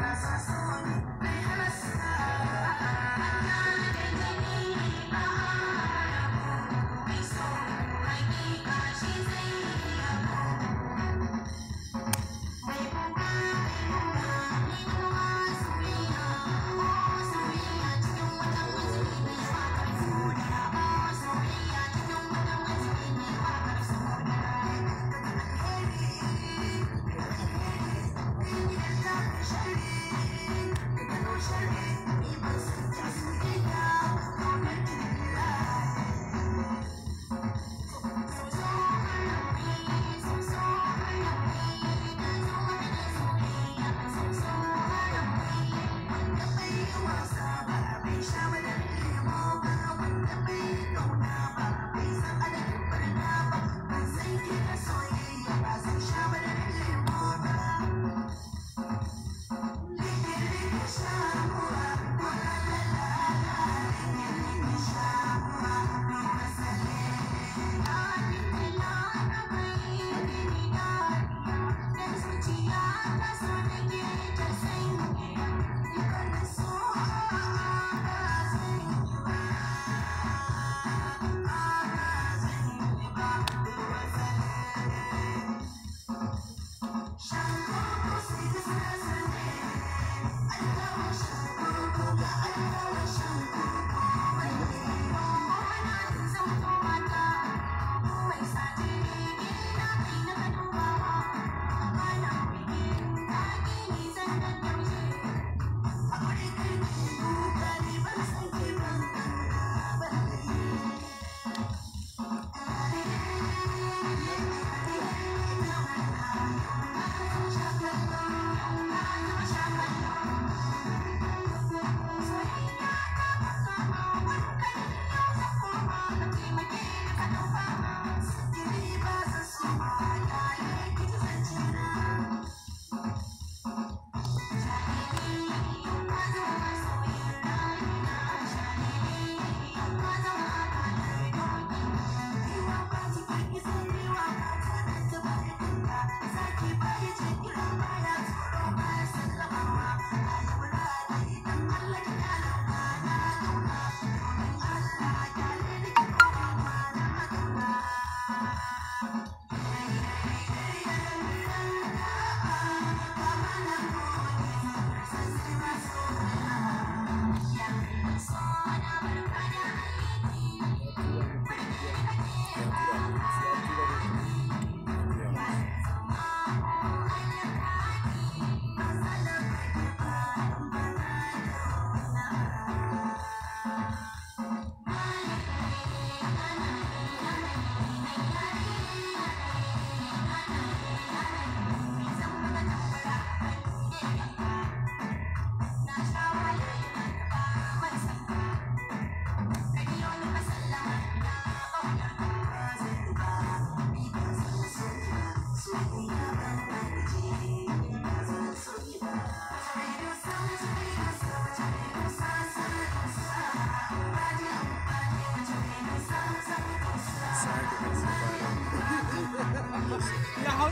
I saw had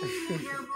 clean your